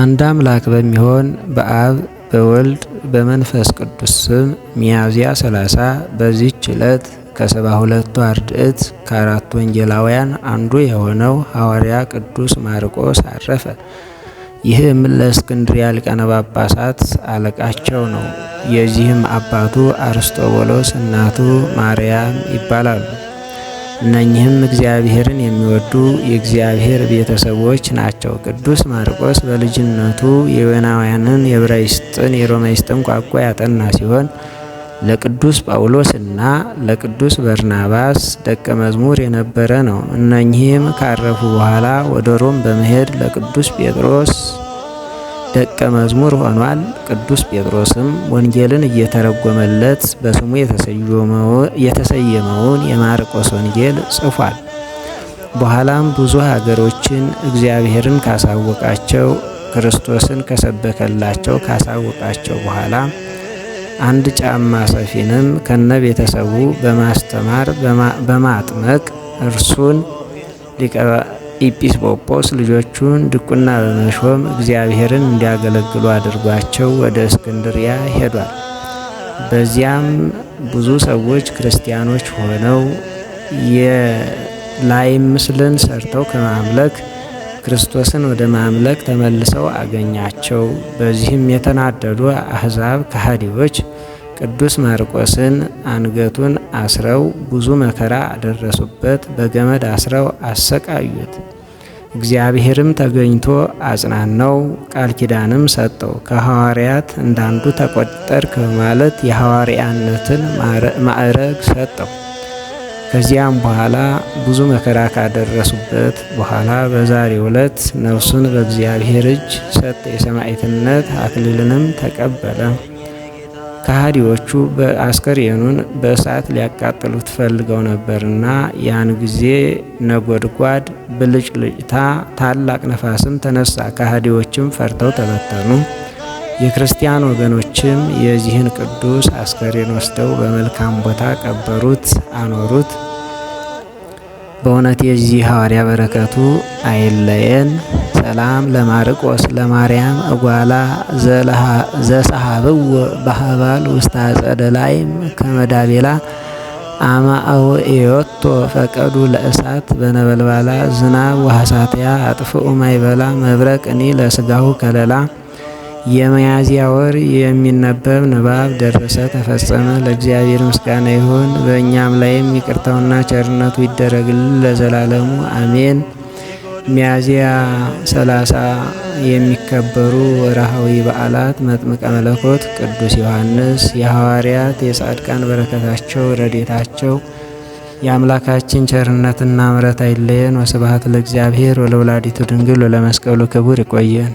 አንድ አምላክ በሚሆን በአብ በወልድ በመንፈስ ቅዱስ ስም ሚያዝያ 30 በዚች ዕለት ከሰባ ሁለቱ አርድእት ከአራቱ ወንጌላውያን አንዱ የሆነው ሐዋርያ ቅዱስ ማርቆስ አረፈ። ይህም ለእስክንድርያ ሊቃነ ጳጳሳት አለቃቸው ነው። የዚህም አባቱ አርስጦቦሎስ፣ እናቱ ማርያም ይባላሉ። እነኚህም እግዚአብሔርን የሚወዱ የእግዚአብሔር ቤተሰቦች ናቸው። ቅዱስ ማርቆስ በልጅነቱ የወናውያንን የዕብራይስጥን፣ የሮማይስጥን ቋንቋ ያጠና ሲሆን ለቅዱስ ጳውሎስና ለቅዱስ በርናባስ ደቀ መዝሙር የነበረ ነው። እነኚህም ካረፉ በኋላ ወደ ሮም በመሄድ ለቅዱስ ጴጥሮስ ደቀ መዝሙር ሆኗል። ቅዱስ ጴጥሮስም ወንጌልን እየተረጎመለት በስሙ የተሰየመውን የማርቆስ ወንጌል ጽፏል። በኋላም ብዙ ሀገሮችን እግዚአብሔርን ካሳወቃቸው ክርስቶስን ከሰበከላቸው ካሳወቃቸው በኋላ አንድ ጫማ ሰፊንም ከነ ቤተሰቡ በማስተማር በማጥመቅ እርሱን ሊቀ ኢጲስቆጶስ ልጆቹን ድቁና በመሾም እግዚአብሔርን እንዲያገለግሉ አድርጓቸው ወደ እስክንድሪያ ሄዷል። በዚያም ብዙ ሰዎች ክርስቲያኖች ሆነው የላይ ምስልን ሰርተው ከማምለክ ክርስቶስን ወደ ማምለክ ተመልሰው አገኛቸው። በዚህም የተናደዱ አሕዛብ ከሃዲዎች ቅዱስ ማርቆስን አንገቱን አስረው ብዙ መከራ አደረሱበት፣ በገመድ አስረው አሰቃዩት። እግዚአብሔርም ተገኝቶ አጽናናው፣ ቃል ኪዳንም ሰጠው። ከሐዋርያት እንዳንዱ ተቆጠርክ ማለት የሐዋርያነትን ማዕረግ ሰጠው። ከዚያም በኋላ ብዙ መከራ ካደረሱበት በኋላ በዛሬው ዕለት ነፍሱን በእግዚአብሔር እጅ ሰጠ። የሰማዕትነት አክሊልንም ተቀበለ። ከሃዲዎቹ አስከሬኑን በእሳት ሊያቃጥሉት ፈልገው ነበርና ያን ጊዜ ነጎድጓድ፣ ብልጭልጭታ፣ ታላቅ ነፋስም ተነሳ። ከሃዲዎችም ፈርተው ተበተኑ። የክርስቲያን ወገኖችም የዚህን ቅዱስ አስከሬን ወስደው በመልካም ቦታ ቀበሩት፣ አኖሩት። በእውነት የዚህ ሐዋርያ በረከቱ አይለየን። ሰላም ለማርቆስ ለማርያም እጓላ ዘሰሃብው ባህባል ውስታ አጸደ ላይም ከመዳቤላ አማአው ኢዮቶ ፈቀዱ ለእሳት በነበልባላ ዝናብ ወሐሳትያ አጥፍኡ ማይበላ መብረቅ እኒ ለስጋሁ ከለላ የመያዝያ ወር የሚነበብ ንባብ ደረሰ ተፈጸመ። ለእግዚአብሔር ምስጋና ይሁን፣ በእኛም ላይም ይቅርታውና ቸርነቱ ይደረግልን ለዘላለሙ አሜን። ሚያዝያ 30 የሚከበሩ ወርሃዊ በዓላት መጥምቀ መለኮት ቅዱስ ዮሐንስ፣ የሐዋርያት የጻድቃን በረከታቸው ረዴታቸው፣ የአምላካችን ቸርነትና ምረት አይለየን። ወስብሐት ለእግዚአብሔር ወለወላዲቱ ድንግል ወለመስቀሉ ክቡር። ይቆየን።